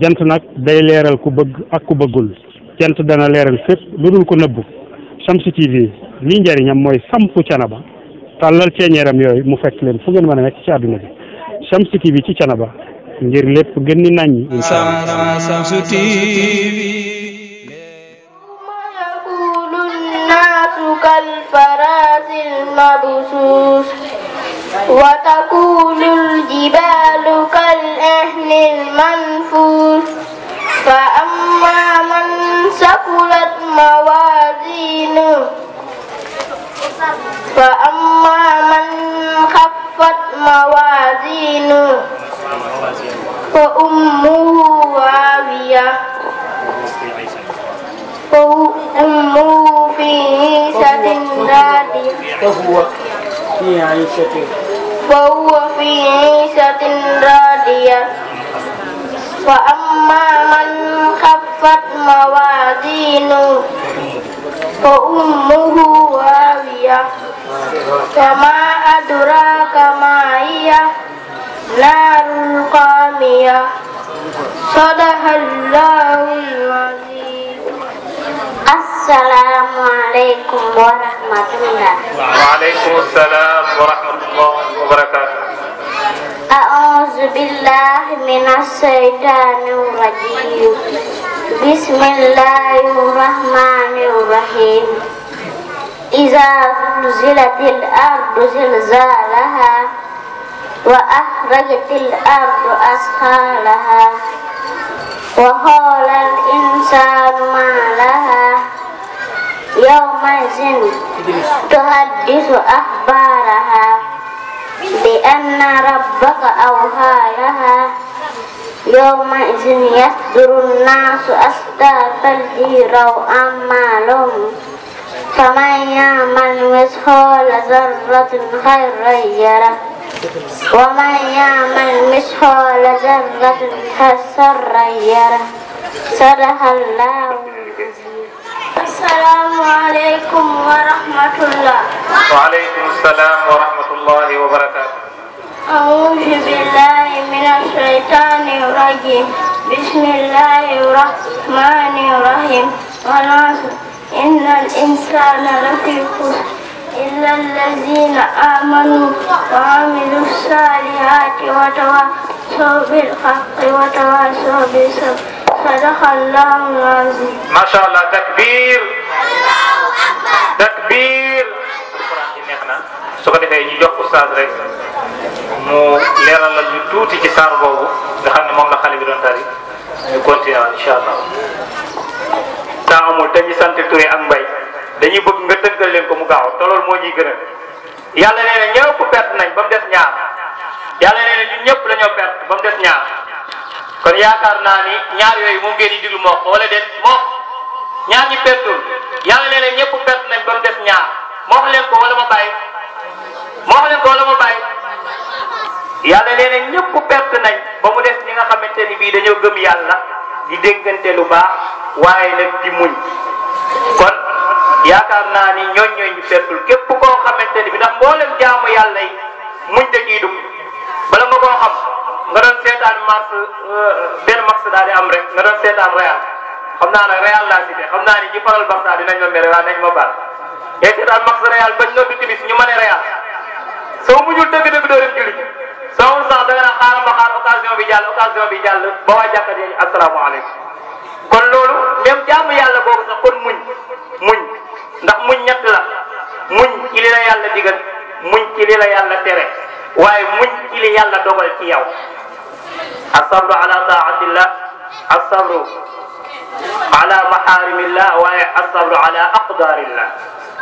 jant nag day leeral ku bëgg ak ku bëggul jant dana leeral fépp lu dul ko nëbbu Shamsu TV lii njëriñam mooy sampu canaba tàllal ceeñeeram yooyu mu fekk leen fu ngeen mën a nekk ci àdduna bi Shamsu TV ci canaba ngir lépp gën ni naññi insha Allah Shamsu TV ma وتكون الجبال كالأهل المنفوس فأما من سكلت موازينه فأما من خفت موازينه فأمه واوية فأمه في عيشة راضية فهو في عيشة bahwa fi isatin radiyah wa amma man khaffat mawazinu fa ummuhu wawiyah kama adura kama iya narul qamiyah sadahallahul azim السلام عليكم ورحمة الله وعليكم السلام ورحمة الله وبركاته أعوذ بالله من الشيطان الرجيم بسم الله الرحمن الرحيم إذا زلزلت الأرض زلزالها وأخرجت الأرض أسخالها وقال تحدث أخبارها بأن ربك أوهى لها يومئذ يصدر الناس أشتاتا ليروا أعمالهم فمن يعمل مثقال ذرة خيرا يره ومن يعمل مثقال ذرة سرا يره صدق الله السلام عليكم ورحمة الله وعليكم السلام ورحمة الله وبركاته أعوذ بالله من الشيطان الرجيم بسم الله الرحمن الرحيم والعصر إن الإنسان لفي خسر إلا الذين آمنوا وعملوا الصالحات وتواصوا بالحق وتواصوا بالصبر صدق الله العظيم ما شاء الله تكبير تكبير su ko defee ñu jox oustaz rek mu leeralal ñu tuuti ci saar boobu nga xam ne moom la xale bi doon tari ñu continuer incha allah. daa amul dañuy sant Touré ak Mbaye. dañuy bëgg nga tënkal leen ko mu gaaw te loolu moo ñuy gënal yàlla nee na ñëpp perte nañ ba des ñaar yàlla nee na ñun ñëpp dañoo perte ba des ñaar kon yaakaar naa ni ñaar yooyu moom ngeen di diglu moo ko wala déet moo ñaar ñi pertul yàlla nee na ñëpp perte nañ ba mu des ñaar moo leen ko wala ma bàyyi moo leen ko wala ma bàyyi yàlla nee na ñëpp perte nañ ba mu des ñi nga xamante ni bii dañoo gëm yàlla di déggante lu baax waaye nag di muñ kon. yaakaar naa ni ñooñ ñooy ñu seetul képp koo xamante ni bi ndax mboolem jaamu yàlla yi muñ da ciy dugg bala ma koo xam nga doon seetaan mars euh, benn mars daal am rek nga doon seetaan Real xam naa nag Real laa cité xam naa ni ñi faral Barça ma mere waaye nañ ma baal ngay seetaan mars Real bañ nga du timis ñu mën a Real soo muñul dëgg-dëgg doo dem julli soo mu sax danga naan xaaral ma xaar occasion bi jàll occasion bi jàll ba waa jàkka ji asalaamaaleykum kon loolu même jaamu digal muñ ci li la yàlla tere waaye muñ ci li yàlla dogal ci yow asabru ala taatillah asabru ala maxaarimillah waaye asabru ala aqdarillah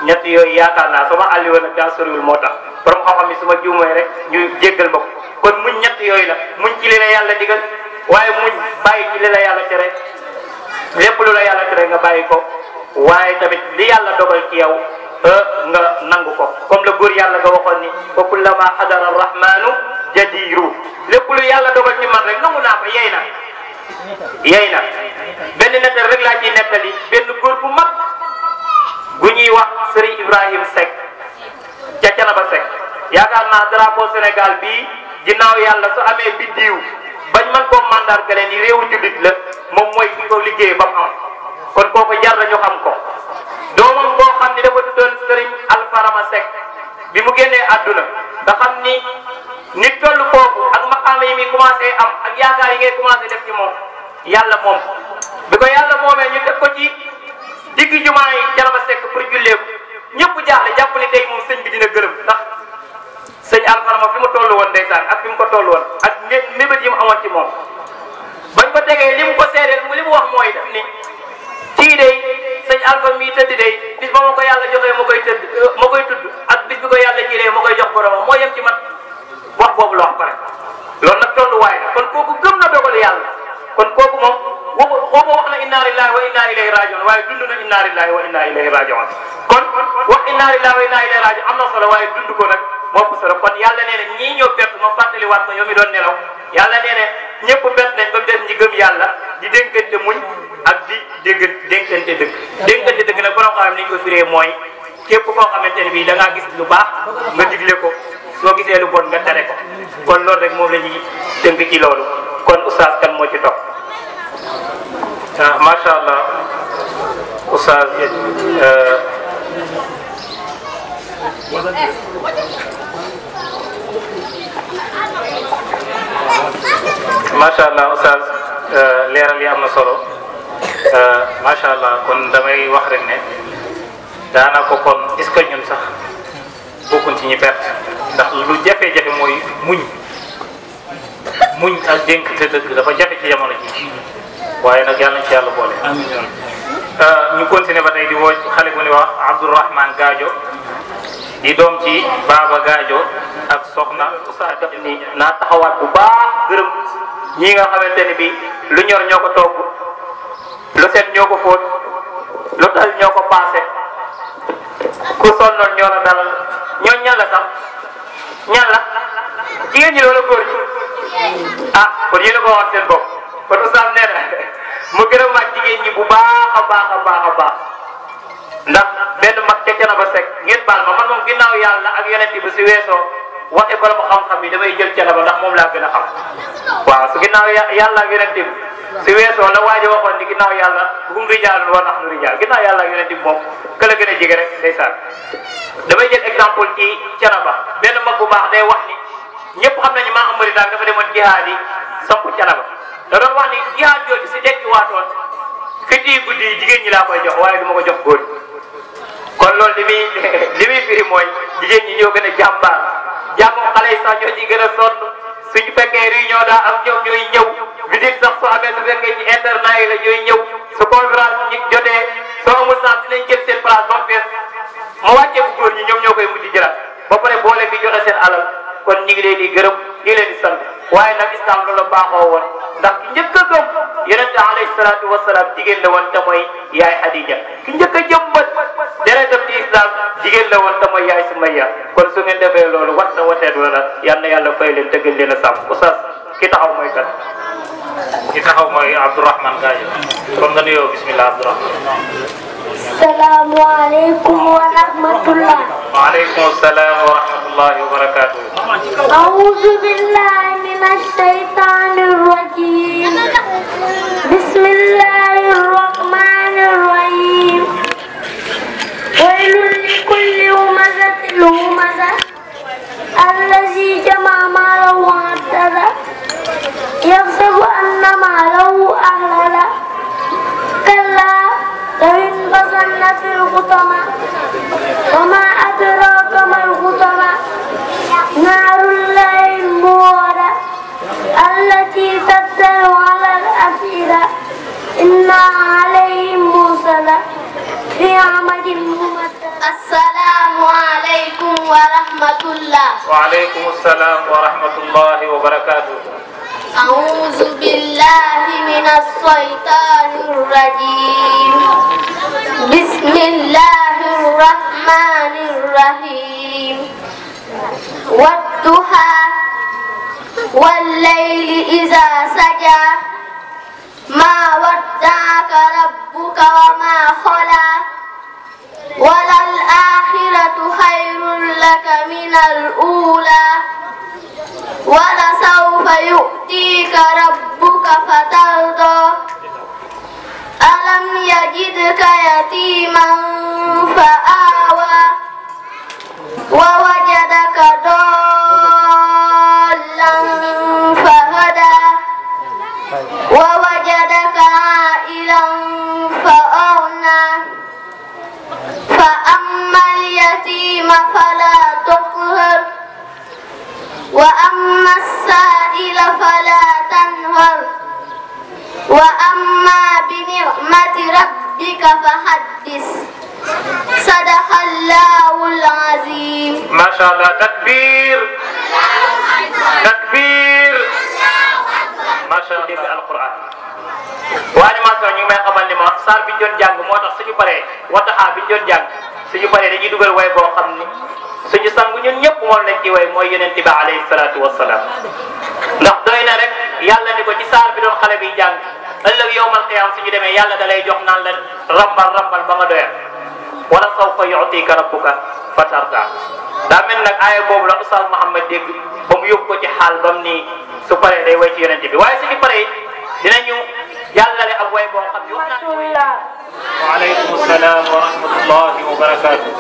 ñett yooyu yaakaar naa sama àlli woon ak daa soriwul moo tax borom xam-xam yi su ma juumee rek ñu jéggal ma ko kon muñ ñett yooyu la muñ ci li la yàlla digal waaye muñ bàyyi ci li la yàlla tere lépp lu la yàlla tere nga bàyyi ko waaye tamit li yàlla dogal ci yow nga nangu ko comme le góor yàlla nga waxoon ni kullama xadara rahmanu jadiru lépp lu yàlla dogal ci man rek nangu naa ko yey na yey na benn nettal rek laa ciy nettali benn góor bu mag bu wax Serigne Ibrahim Seck ca Canaba Seck yaakaar naa drapeau Sénégal bii ginnaaw yàlla su amee biddiw bañ man koo mandargale ni réewu jullit la moom mooy ki ko liggéey ba am kon kooku jar na xam ko doomam ko tuddoon sëriñ Alfarama Seck bi mu génnee àdduna nga xam ni nit toll foofu ak maqaama yi muy commencé am ak yaakaar yi ngay commencé def ci moom yàlla moom. bi ko yàlla moomee ñu def ko ci digg jumaa yi jarama Seck pour julleeku ñëpp jaaxle jàpp ni tey moom sëñ bi dina gërëm ndax sëñ Alfarama fi mu toll woon ndeysaan ak fi mu ko toll woon ak mébét yi mu amoon ci moom. bañ ko tegee li mu ko seedeel li mu wax mooy daf ni kii day. sëñ Alpha mii tëdd day bis ba ma ko yàlla joxee ma koy tëdd ma koy tudd ak bis bi ko yàlla jëlee ma koy jox boromam moo yem ci man wax boobu la wax pare loolu nag tolluwaay la kon kooku gëm na dogal yàlla kon kooku moom waxu waxu wax na inna lillahi wa inna ilayhi rajiun waaye dund na inna lillahi wa inna ilayhi rajiun kon wax inna lillahi wa inna am na solo waaye dund ko nag moo ko solo kon yàlla nee na ñii ñoo perte ma fàttaliwaat ko ñoom mi doon nelaw yàlla nee na ñépp bet nañ ba mu des yàlla di dénkante muñ ak di dégg dénkante dëgg dénkante dëgg nag borom xam ne mooy képp koo xamante ne bii da gis lu baax nga digle ko soo gisee lu bon nga tere ko kon loolu rek moom la ñuy tënk ci loolu kon oustaz kan moo ci topp ah macha allah oustaz euh, macha allah oustaz euh, leeram yi am na solo euh, macha allah kon damay wax rek ne daana ko kon est-ce que ñun sax bokkuñ ci ñi ndax lu jafe-jafe mooy muñ muñ ak dénk te dëgg dafa jafe ci jamono ji waaye nag yàlla nañ ci yàlla boole euh, ñu ba tey di xale bu ni wax Abdourahman Gadio di doom ci Baba Gaajo ak Soxna Oustaz def ni naa taxawaat bu baax gërëm ñi nga xamante ne bi lu ñor ñoo ko togg lu set ñoo ko fóot lu dal ñoo ko paase ku sonnoon ñoo la dalal ñoo ñan la sax ñan la loolu góor ñi ah kon yéen a ko waxoon seen bopp mu gërëm ak jigéen ñi bu baax a baax a baax ndax benn mag ca Canaba Seck ngeen baal ma man moom ginnaaw yàlla ak yonent bi si weesoo waxi borom xam-xam yi damay jël Canaba ndax moom laa gën a xam waaw su ginnaaw yàlla ak yonent bi si weesoo la waajo waxoon ni ginnaaw yàlla hum rijaalun wa nahnu rijaal ginnaaw yàlla damay jël exemple ci Canaba benn mag bu baax day wax ñëpp xam nañu maa amari daal dafa demoon jihaad yi samp Canaba da doon wax ni jihaad jooju si dekki jigéen ñi laa koy jox waaye du ma ko jox góor kon loolu li muy li muy firi mooy jigéen ñi ñoo gën a jàmbaar jàmm xale yi sax ñoo ci gën a sonn suñu fekkee réunion daa am ñoom ñooy ñëw visite sax su amee su fekkee ci internat yi la ñooy ñëw su conférence ñi jotee soo amul sax dinañ jël seen place ba mu mu wàccee bu góor ñi ñoom ñoo koy mujj jëlaat ba pare boole bi joxe seen alal kon ñu ngi leen di gërëm ñu ngi leen di waaye nag islam loola baaxoo woon ndax ki njëkk a gëm yonente alayhi salaatu wasalaam jigéen la woon te mooy yaay Xadija ki njëkk a jëmbat deretam di islam jigéen la woon te mooy yaay Sumayya kon su ngeen defee loolu wat na wateet wala yal na yàlla fay leen dëggal leen a sàmm oustaz ki taxaw mooy kat ki taxaw mooy Abdourahman Gadio kon nga nuyoo bismillah Abdourahman salaamu aleykum wa rahmatullah waaleykum salaam wa rahmatullah الله وبركاته أعوذ بالله من الشيطان الرجيم بسم الله الرحمن الرحيم ويل لكل همزة همزة الذي جمع ماله وعدده يحسب أن ماله أهلله كلا لئن بصرنا في الخطمة وما أنزلنا عليه في عمد السلام عليكم ورحمة الله وعليكم السلام ورحمة الله وبركاته أعوذ بالله من الشيطان الرجيم بسم الله الرحمن الرحيم والضحى والليل إذا سجى ما ودعك ربك وما خلا وللآخرة خير لك من الأولى ولسوف يؤتيك ربك فترضى ألم يجدك يتيما فآوى ووجدك ضالا وأما السائل فلا تنهر وأما بنعمة ربك فحدث صدق الله العظيم ما شاء الله تكبير تكبير ما شاء الله القرآن وأنا ما سأني ما قبل ما صار بيجون جانغ وما تصير بره وتحا بيجون جانغ suñu paree dañuy dugal way boo xam ni suñu sangu ñun ñëpp moom lañ ci way mooy yonent bi alayhi salaatu wasalaam ndax doy na rek yàlla ni ko ci saar bi doon xale bi jàng ëllëg yowmal qiyaam suñu demee yàlla da lay jox naan la rambal rambal ba nga doyal wala sawfa yutika rabbuka fatarda daa mel nag aaya boobu la Oustaz Mouhamed dégg ba mu yóbbu ko ci xaal ba mu ni su paree day way ci yonent bi waaye suñu paree dinañu yàlla ne ab way boo xam ne. waaleykum salaam wa rahmatullahi wa barakaatu.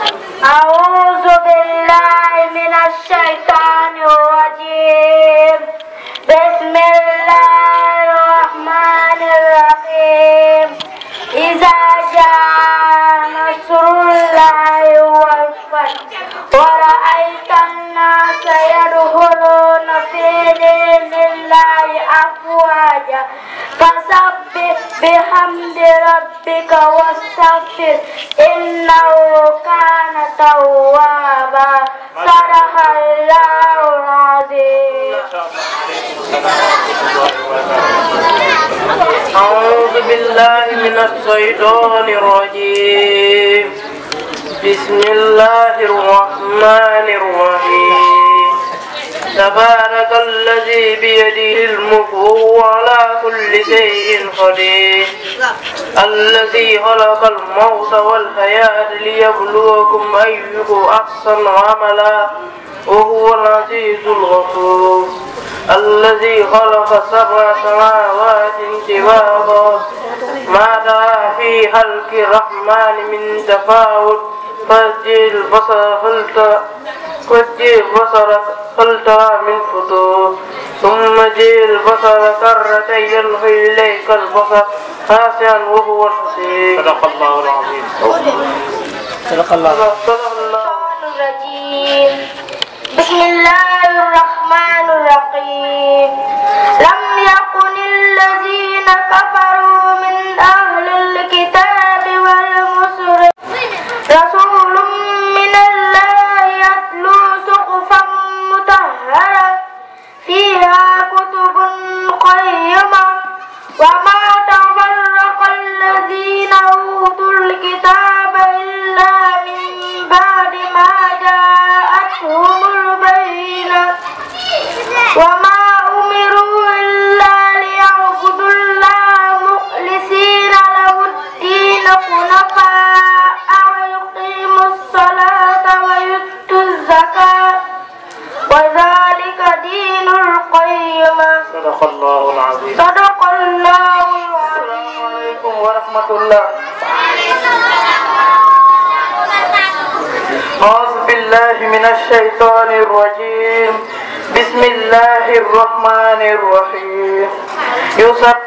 أعوذ بالله من الشيطان الرجيم بسم الله الرحمن الرحيم إذا جاء نصر ورأيت الناس يدخلون في دين الله أفواجا فسبح بحمد ربك واستغفر إنه كان توابا صدق الله العظيم أعوذ بالله من الشيطان الرجيم بسم الله الرحمن الرحيم تبارك الذي بيده الملك وهو على كل شيء قدير الذي خلق الموت والحياة ليبلوكم ايه أحسن عملا وهو العزيز الغفور الذي خلق سبع سماوات طباقا ما دعا في خلق الرحمن من تفاوت فاجي البصر فلترى فاجي البصر فلترى من فطور ثم جي البصر كرتين يلغي إليك البصر خاسعا وهو الحسين صدق الله العظيم صدق الله صدق الله الرجيم بسم الله الرحمن الرحيم لم يكن الذين كفروا من أهل الكتاب ولا ¡Ya son, من الشيطان الرجيم بسم الله الرحمن الرحيم يسبح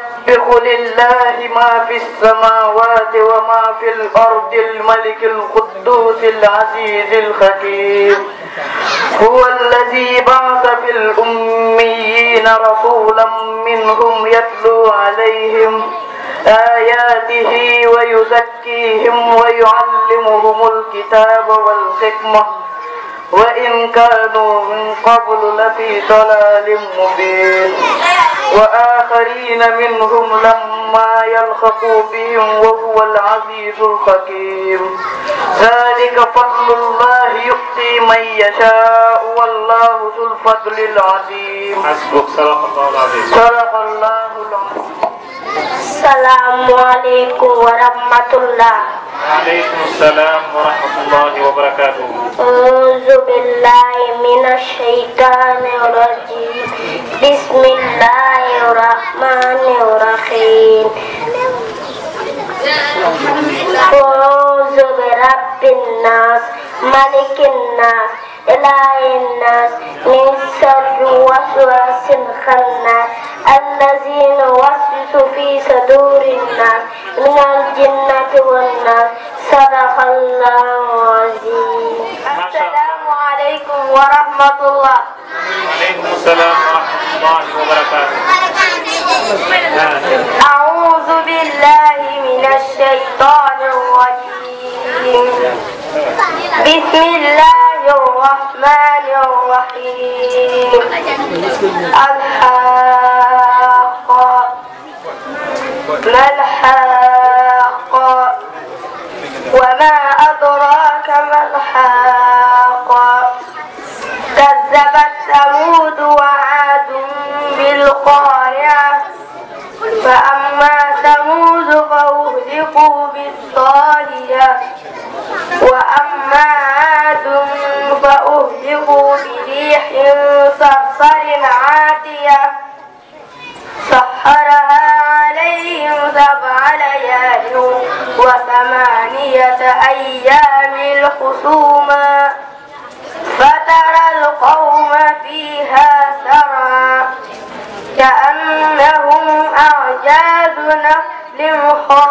لله ما في السماوات وما في الأرض الملك القدوس العزيز الحكيم هو الذي بعث في الأميين رسولا منهم يتلو عليهم آياته ويزكيهم ويعلمهم الكتاب والحكمة وإن كانوا من قبل لفي ضلال مبين وآخرين منهم لما يلخصوا بهم وهو العزيز الحكيم ذلك فضل الله يؤتي من يشاء والله ذو الفضل العظيم صدق الله العظيم صدق الله العظيم Assalamualaikum warahmatullahi Waalaikumsalam warahmatullahi wabarakatuh. Auzu billahi minasyaitonir rajim. Bismillahirrahmanirrahim. Auzu birabbin nas, malikin nas, إلى الناس من شر وسواس الخناس الذين يوسوس في صدور الناس من الجنة والناس صدق الله العظيم السلام عليكم ورحمة الله وعليكم السلام ورحمة الله وبركاته أعوذ بالله من الشيطان الرجيم بسم الله الرحمن الرحيم الحاق ما وما أدراك ما الحاق كذبت ثمود وعاد بالقارعة فأما ثمود فأهلكوا بالطاغية فأهلكوا بريح صرصر عاتية سحرها عليهم سبع ليال وثمانية أيام خصوما فترى القوم فيها سرعا كأنهم أعجاز نخل خاوية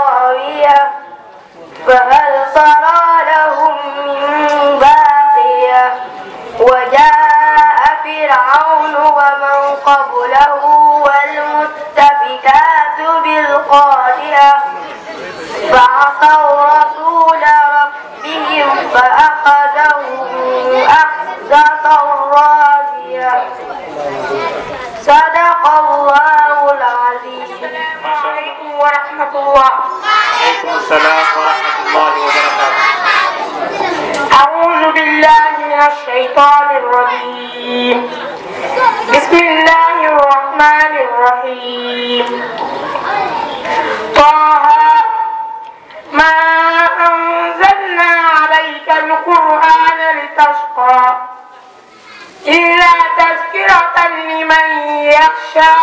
فعصوا رسول ربهم فأخذهم أخذة رابية صدق الله العظيم عليكم ورحمة الله وعليكم السلام ورحمة الله وبركاته أعوذ بالله من الشيطان الرجيم بسم الله الرحمن الرحيم طه ما أنزلنا عليك القرآن لتشقى إلا تذكرة لمن يخشى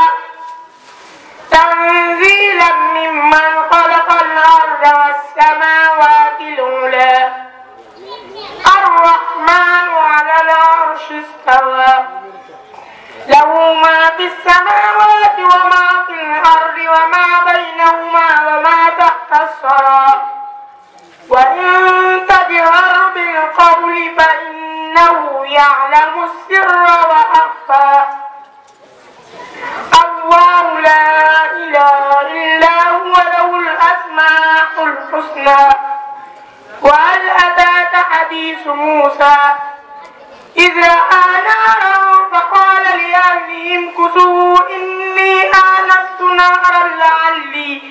تنزيلا ممن خلق الأرض والسماوات الأولى الرحمن على العرش استوى له ما في السماوات وما في الأرض وما بينهما وما تحت الثرى وإن تجهر بالقول فإنه يعلم السر وأخفى الله لا إله إلا هو له الأسماء الحسنى وهل أتاك حديث موسى إذ رأى نارا عليهم كتوا إني آنست نارا لعلي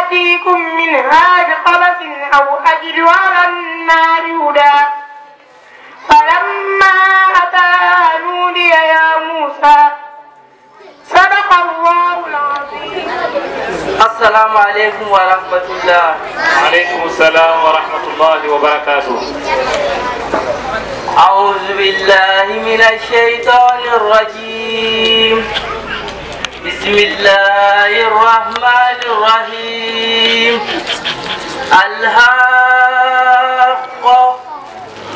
آتيكم منها بقبس أو أجد على النار هدى فلما أتى نودي يا موسى صدق الله العظيم السلام عليكم ورحمة الله وعليكم السلام ورحمة الله وبركاته أعوذ بالله من الشيطان الرجيم بسم الله الرحمن الرحيم الحق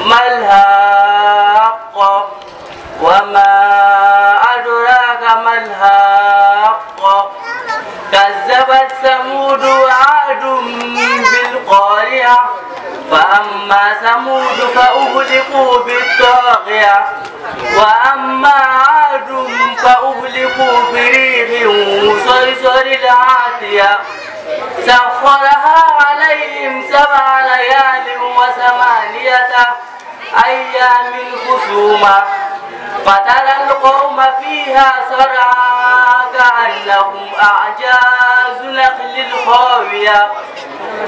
ما الحق وما أما ثمود فأهلكوا بالطاغية وأما عاد فأهلكوا بريح صرصر العاتية سخرها عليهم سبع ليال وثمانية أيام خصومة فترى القوم فيها سرعا كأنهم أعجاز نخل خاوية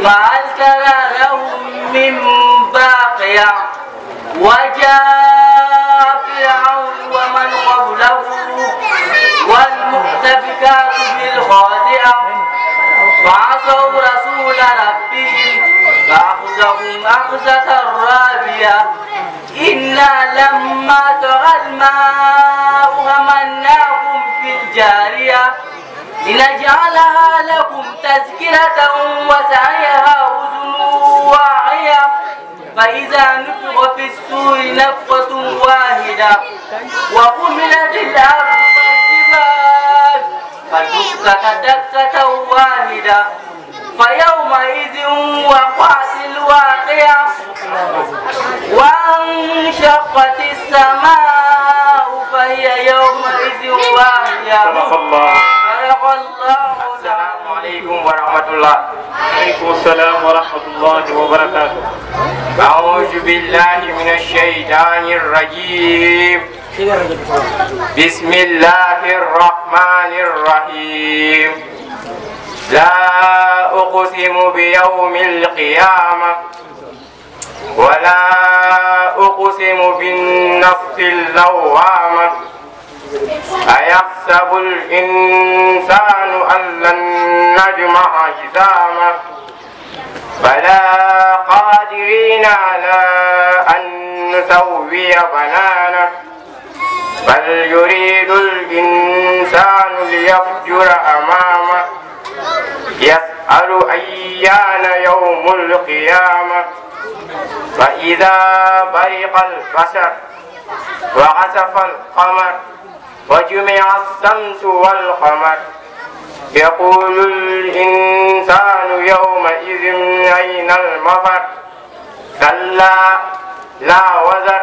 فهل ترى لهم من باقية وجاء فرعون ومن قبله والمؤتفكات بالخاطئة فعصوا رسول ربهم فأخذهم أخذة رابية إنا لما طغى الماء همناكم في الجارية لنجعلها لكم تذكرة وسعيها أذن واعية فإذا نفخ في السور نفخة واحدة وقملت الأرض والجبال فدكت دكة واحدة فيومئذ وقعت الواقعة وانشقت السماء فهي يومئذ واهية صدق الله صدق الله السلام عليكم ورحمة الله وعليكم السلام ورحمة الله وبركاته أعوذ بالله من الشيطان الرجيم بسم الله الرحمن الرحيم لا أقسم بيوم القيامة ولا أقسم بالنفس اللوامة أيحسب الإنسان أن لن نجمع عزامه فلا قادرين على أن نسوي بنانه بل يريد الإنسان ليفجر أمامه يسأل أيان يوم القيامة فإذا برق البشر وعزف القمر وجمع الشمس والقمر يقول الإنسان يومئذ أين المفر كلا لا وزر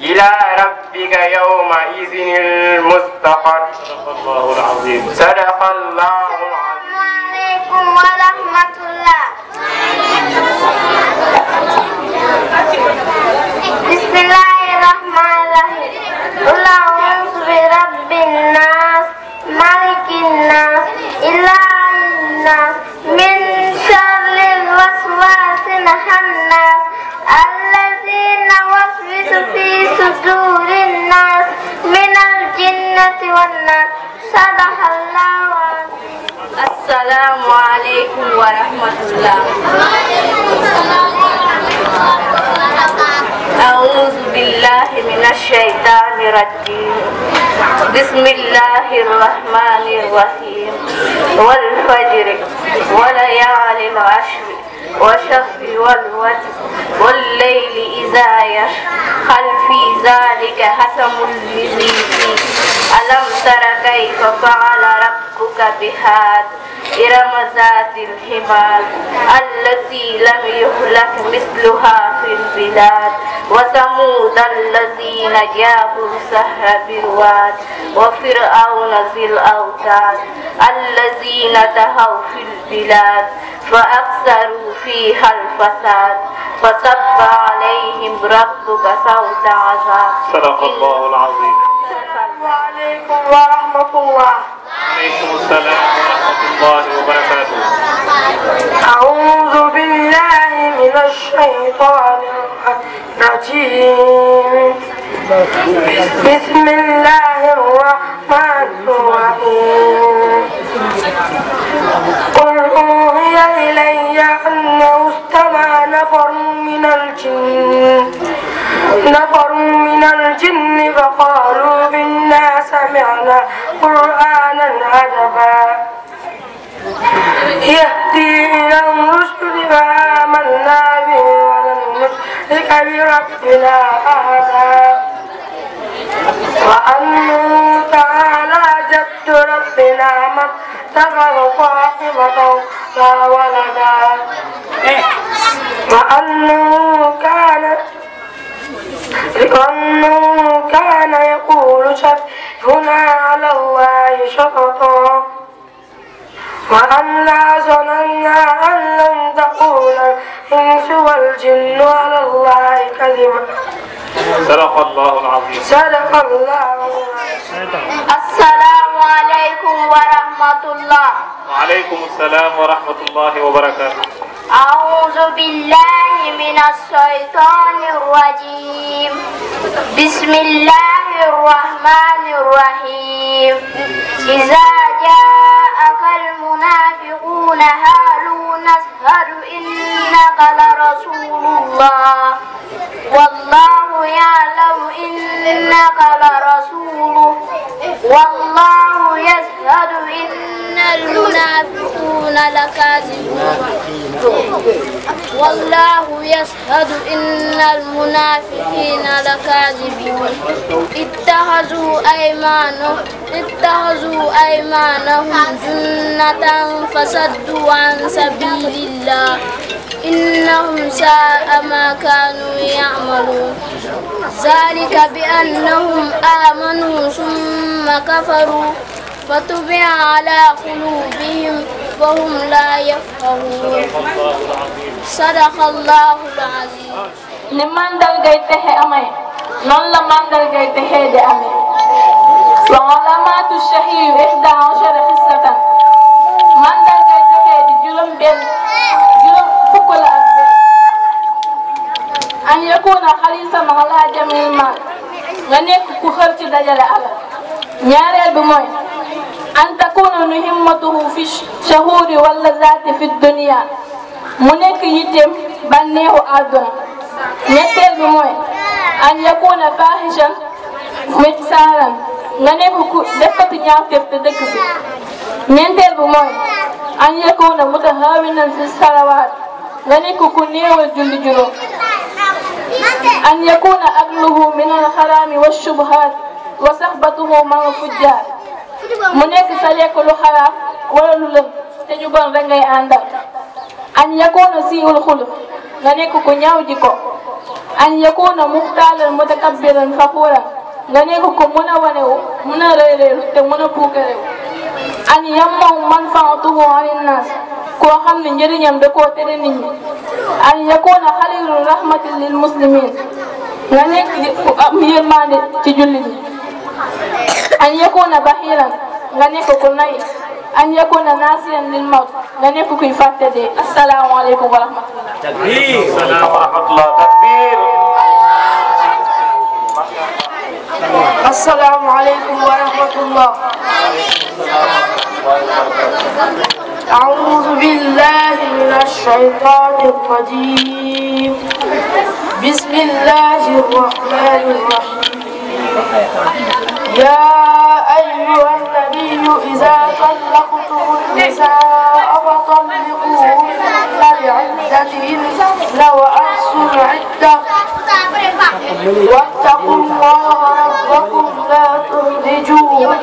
إلى ربك يومئذ المستقر صدق الله العظيم صدق الله العظيم Assalamualaikum warahmatullah. Bismillahirrahmanirrahim. Ulang birabbin nas, malikin nas, ilahin nas, min syarril waswasin hamnas allazina waswisu fi sudurin nas, minal jinnati wan nas. Sadaqallahu السلام عليكم ورحمة الله أعوذ بالله من الشيطان الرجيم بسم الله الرحمن الرحيم والفجر وليال العشر وشف والوتر والليل إذا يشخل في ذلك حسم لذي ألم تر كيف فعل ربك بهاد إرم ذات العماد التي لم يهلك مثلها في البلاد وثمود الذين جابوا السهر بالواد وفرعون ذي الأوتاد الذين تهوا في البلاد فأكثروا فيها الفساد فصب عليهم ربك صوت عذاب صدق الله العظيم السلام عليكم ورحمة الله وعليكم السلام ورحمة الله وبركاته أعوذ بالله من الشيطان الرجيم بسم الله الرحمن الرحيم قل أوحي إلي أنه استمع نفر من الجن نفر من الجن فقالوا إنا سمعنا قرآنا عجبا يهدي إلى الرشد فآمنا به ولن نشرك بربنا أحدا وأنه تعالى جد ربنا ما اتخذ صاحبة ولا ولدا إيه. وأنه كانت لأنه كان يقول سفهنا على الله شططا وأنا ظننا أن لم تقول الإنس والجن على الله كذبا صدق الله العظيم صدق الله السلام عليكم ورحمة الله وعليكم السلام ورحمة الله وبركاته أعوذ بالله من الشيطان الرجيم بسم الله الرحمن الرحيم إذا جاءك المنافقون هالوا نشهد إنك لرسول الله والله يعلم إنك لرسوله والله يشهد إن المنافقون لكاذبون والله يشهد إن المنافقين لكاذبون اتخذوا أيمانهم اتخذوا أيمانهم جنة فصدوا عن سبيل أمر الله إنهم ساء ما كانوا يعملون ذلك بأنهم آمنوا ثم كفروا فتبع على قلوبهم فهم لا يفقهون صدق الله العظيم نمان دل جيته أمي نون لمان دل جيته أمي وعلامات الشهير إحدى عشر خصة benn juróom fukk la ak benn an yakuna xalisan ala jamil maal nga nekk ku xër ci dajale alal ñaareel bi mooy an takuna nu himmatuhu fi shahuri wala zaati fi dunia mu nekk yitteem bànneexu àdduna ñetteel bi mooy an yakuna fahishan mitsaaran nga nekk ku defkatu ñaawteef te dëkk si ñeenteel bi mooy an yakuna mutahawinan fi salawaat nga nekk ku néewal julli juróom an yakuna akluhu min alxaraami wa shubhaat wa saxbatuhu man fujjaar mu nekk sa lekk lu xaraam wala lu lëm te ñu bon rek ngay àndal an yakuna siiwul xulux nga nekk ku ñaaw jikko an yakuna muxtaalan mutakabbiran faxuuran nga nekk ku mën a wanewu mën a réeréeru te mën a puukarewu an yammahu manfaatuhu alin nas koo xam ne njëriñam da koo tere ñi an yakuna xalilu rahmatin lil muslimin nga nekk ku am yërmande ci jullit ñi an yakuna baxilan nga nekk ku nay an yakuna nasiyan lil mawt nga nekk kuy fàtte dee asalaamaaleykum wa rahmatullah takbir السلام عليكم ورحمة الله أعوذ بالله من الشيطان الرجيم بسم الله الرحمن الرحيم يا أيها النبي إذا طلقتم النساء فطلقوهن لعدتهن وأحصوا العدة واتقوا الله ربكم لا تخرجوهن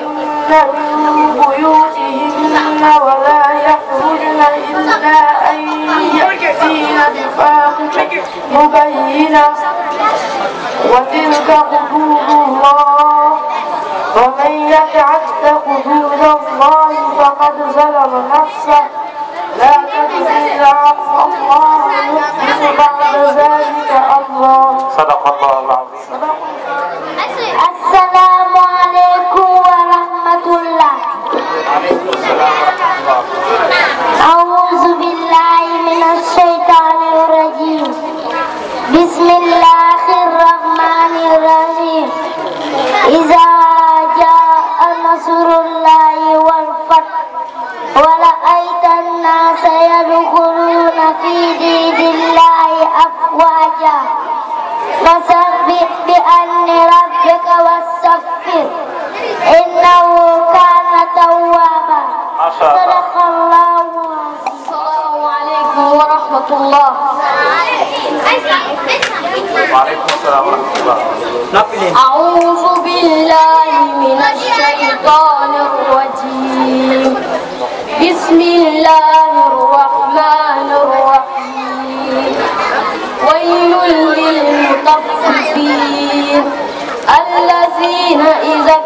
من بيوتهن ولا يخرجن إلا أن يأتين بفاحشة مبينة وتلك Allah Assalamualaikum warahmatullah. Amin. أعوذ بالله من الشيطان الرجيم بسم الله الرحمن الرحيم ويل للمطففين الذين إذا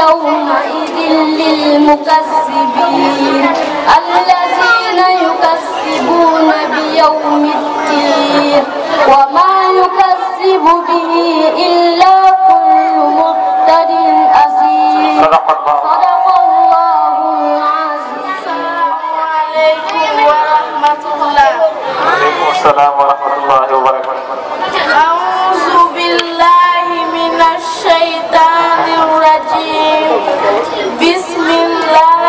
يومئذ للمكذبين الذين يكذبون بيوم الدين وما يكذب به إلا كل مبتد أثيم صدق الله صدق الله العزيز السلام عليكم ورحمة الله وعليكم السلام ورحمة الله وبركاته love.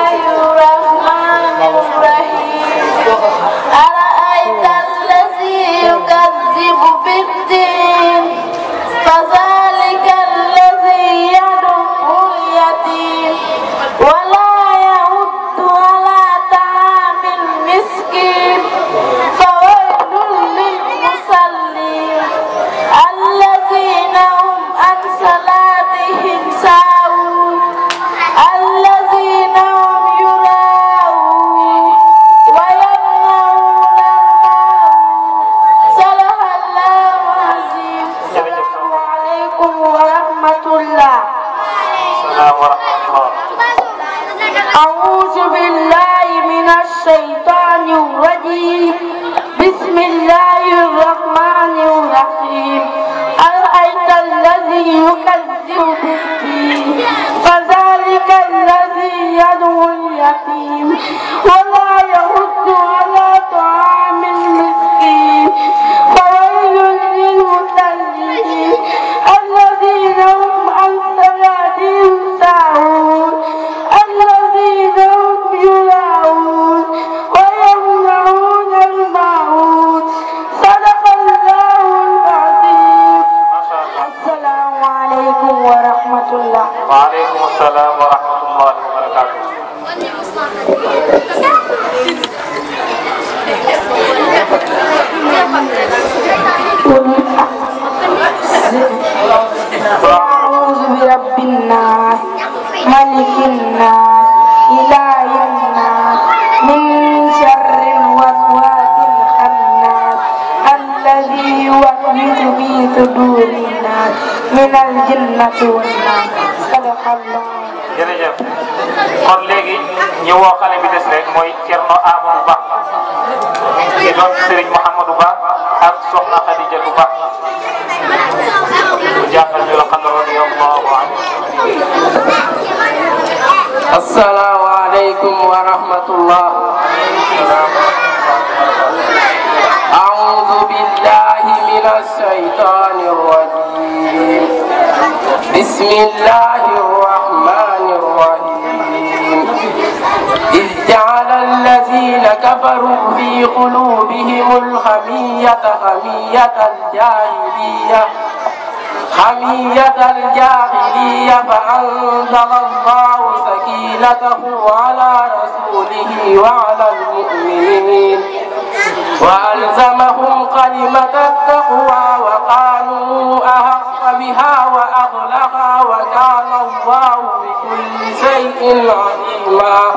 imam Serigne Mouhamadou Ba ak Ba ñu la alaykum wa rahmatullah الذين كفروا في قلوبهم الخمية خمية الجاهلية حمية الجاهلية فأنزل الله سكينته على رسوله وعلى المؤمنين وألزمهم كلمة التقوى وقالوا أحق بها وأغلقها وكان الله بكل شيء عليما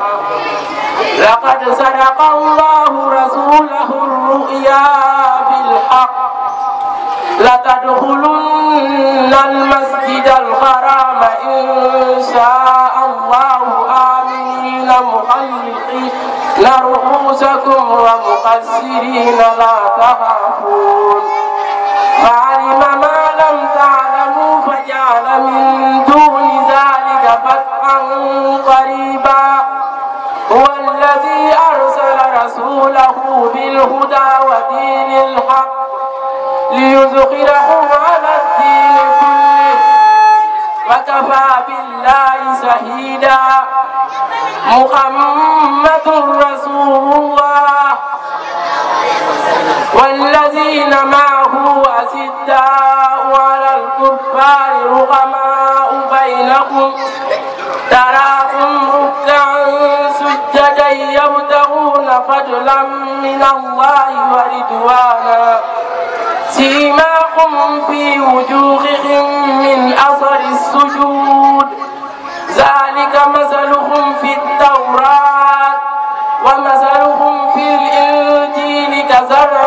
لقد صدق الله رسوله الرؤيا بالحق لتدخلن المسجد الحرام إن شاء الله آمنين محلقين لرؤوسكم ومقصرين لا تخافون فعلم ما لم تعلموا فجعل من دون ذلك فتحا قريبا هو الذي أرسل رسوله بالهدى ودين الحق ليظهره على الدين كله وكفى بالله شهيدا محمد رسول الله والذين معه أسداء على الكفار رغماء بينهم تراهم ركعا سجدا يبتغون فضلا من الله ورضوانا سيماهم في وجوههم من أثر السجود ذلك مثلهم في التوراة ومثلهم في الإنجيل كزرع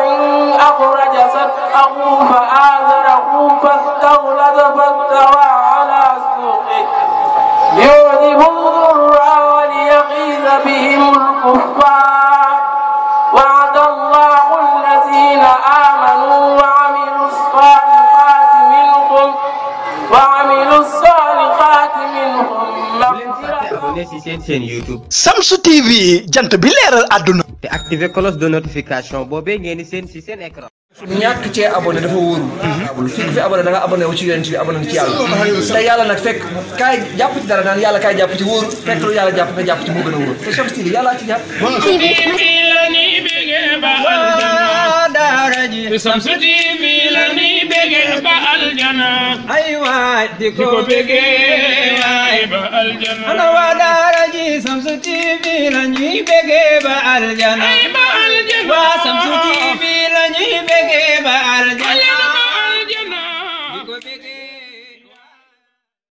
أخرج شطأه فآزره فاستولد فاستوى على سوقه يعجب الضرع وليغيظ بهم الكفار ci seen seen YouTube. Shamsu TV jant bi leeral àdduna. boobee ngeen seen si seen écran. ñàkk cee abonné dafa wóorul mhm. fii ku fi abonné da nga abonné wu ci yonent bi abonné ci yàlla te yàlla nag fekk kaay jàpp ci dara yàlla kaay jàpp a ba aljana bi Shamsu TV la ni bege ba aljana ay waay di ko bege waay ba aljana ana waa daara ji Shamsu TV la ñuy bege ba aljana ay ba aljana waa Shamsu TV la ñuy bege ba aljana